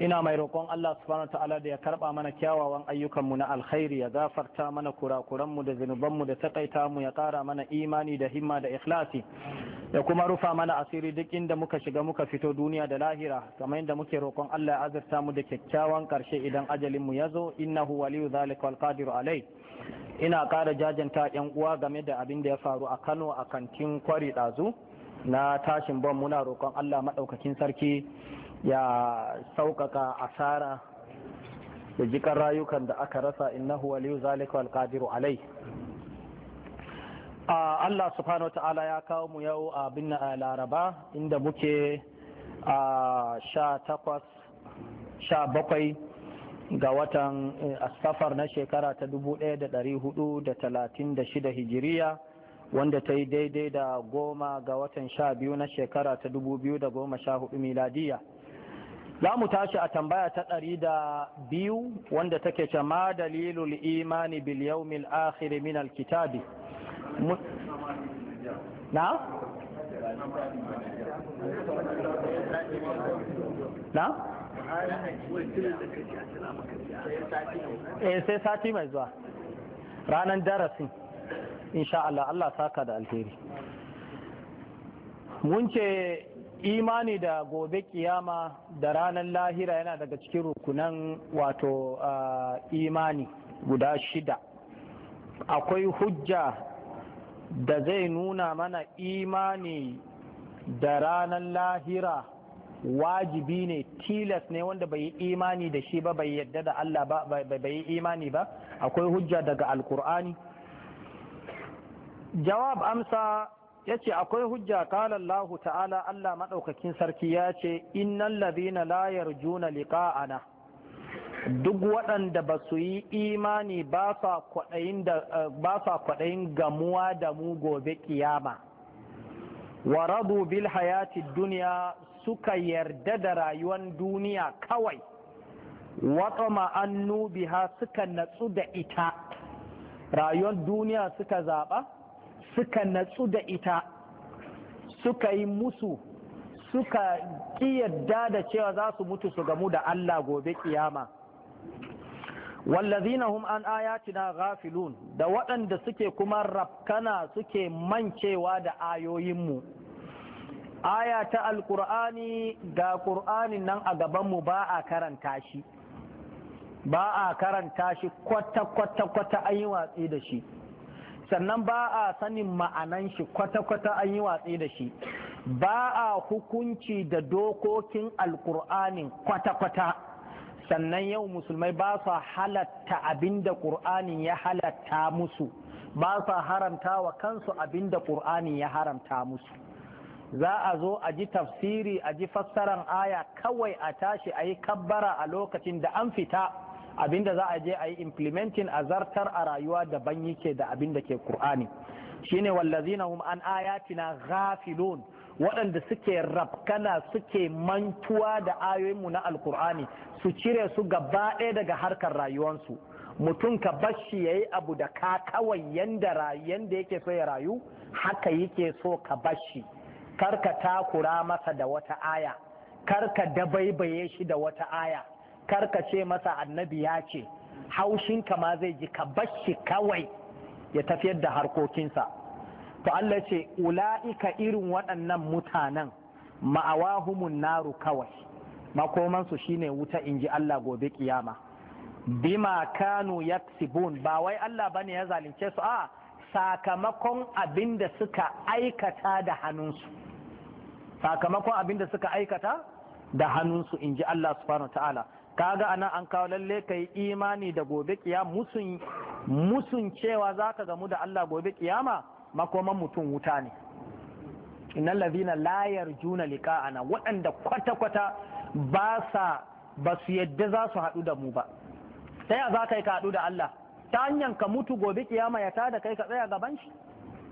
ina mai roƙon Allah subhanahu wa ta'ala da ya karɓa mana kyawawan ayyukanmu na alkhairi ya gafarta mana kurakuranmu da zunubanmu da takaita mu ya ƙara mana imani da himma da ikhlasi da kuma rufa mana asiri duk inda muka shiga muka fito duniya da lahira kamar yadda muke roƙon Allah ya azurta mu da kyakkyawan karshe idan ajalin mu ya zo innahu waliyu zalika wal qadiru alai ina ƙara jajanta yan uwa game da abin da ya faru a Kano a kantin kwari ɗazu na tashin bom muna roƙon Allah madaukakin sarki ya sauƙaƙa asara da jikan rayukan da aka rasa innahu waliyu zalika wal qadiru alai Allah subhanahu wa ta'ala ya kawo mu yau a bin laraba inda muke a sha takwas bakwai ga watan eh, asafar na shekara ta dubu ɗaya da ɗari hudu da talatin da shida hijiriya wanda ta yi daidai da goma ga watan sha biyu na shekara ta dubu biyu da goma sha hudu miladiyya za mu tashi a tambaya ta ɗari da biyu wanda take ce ma dalilul imani bil yaumil akhir min al kitabi na na eh sai sati mai zuwa ranar darasin insha Allah Allah saka da alheri mun ce imani da gobe kiyama da ranar lahira yana daga cikin rukunan wato imani guda shida akwai hujja da zai nuna mana imani da ranar lahira wajibi ne tilas ne wanda bai yi imani da shi ba bai yadda da Allah ba bai yi imani ba akwai hujja daga alkur'ani jawab amsa ya ce akwai hujja kala Allah ta'ala Allah maɗaukakin sarki ya ce innan labina layar juna liƙa'ana duk waɗanda ba su yi imani ba sa kwaɗayin gamuwa da mu gobe ƙiyama wa rabu bil hayati duniya suka yarda da rayuwar duniya kawai wata ma'annu biha suka natsu da ita rayuwar duniya suka zaɓa suka natsu da ita suka yi musu suka yadda da cewa za su mutu su gamu da Allah gobe kiyama wallazina hum an ayatina ghafilun da waɗanda suke kuma rafkana suke mancewa da ayoyinmu aya ta alkur'ani ga ƙur'anin nan a gabanmu ba a karanta shi ba a karanta shi kwata-kwata-kwata an yi watsi da shi sannan ba a sanin ma'anan shi kwata-kwata an yi watsi da shi ba a hukunci da dokokin alkur'anin kwata-kwata sannan yau musulmai ba su halatta abinda ƙur'anin ya halatta musu ba su haramta wa kansu abinda ƙur'anin ya haramta musu za a zo a ji tafsiri a ji fassaran aya kawai a tashi a yi kabbara a lokacin da an fita abinda za a je a yi implementing a zartar a rayuwa daban yake da abin da ke Kur'ani shine wallazina hum an ayatina ghafilun waɗanda suke rafkana suke mantuwa da ayoyinmu na alkur'ani su cire su gaba ɗaya daga harkar rayuwansu mutum ka bashi ya yi abu da ka kawai yanda yanda yake so ya rayu haka yake so ka bashi kar ka takura masa da wata aya kar ka dabaibaye shi da wata aya ce masa annabi ya ce haushinka ma zai ji ka bashi kawai ya tafiyar da harkokinsa to Allah ce ula'ika irin waɗannan mutanen ma'awahumun naru kawai makomansu shine wuta in ji Allah gobe kiyama bima kanu yaksibun ba wai Allah bane ya zalunce su a sakamakon abin da suka aikata da hannunsu sakamakon abin da suka aikata da hannunsu in ji Allah subhanahu wa ta'ala kaga ana an kawo lalle ka yi imani da gobe kiyama musun musun cewa za ka gamu da Allah gobe kiyama makoman mutum wuta ne innal layar la yarjuna liqa'ana waɗanda kwata-kwata ba sa ba su yadda za su haɗu da mu ba sai za ka yi ka haɗu da Allah ta hanyar ka mutu gobe kiyama ya tada kai ka tsaya gaban shi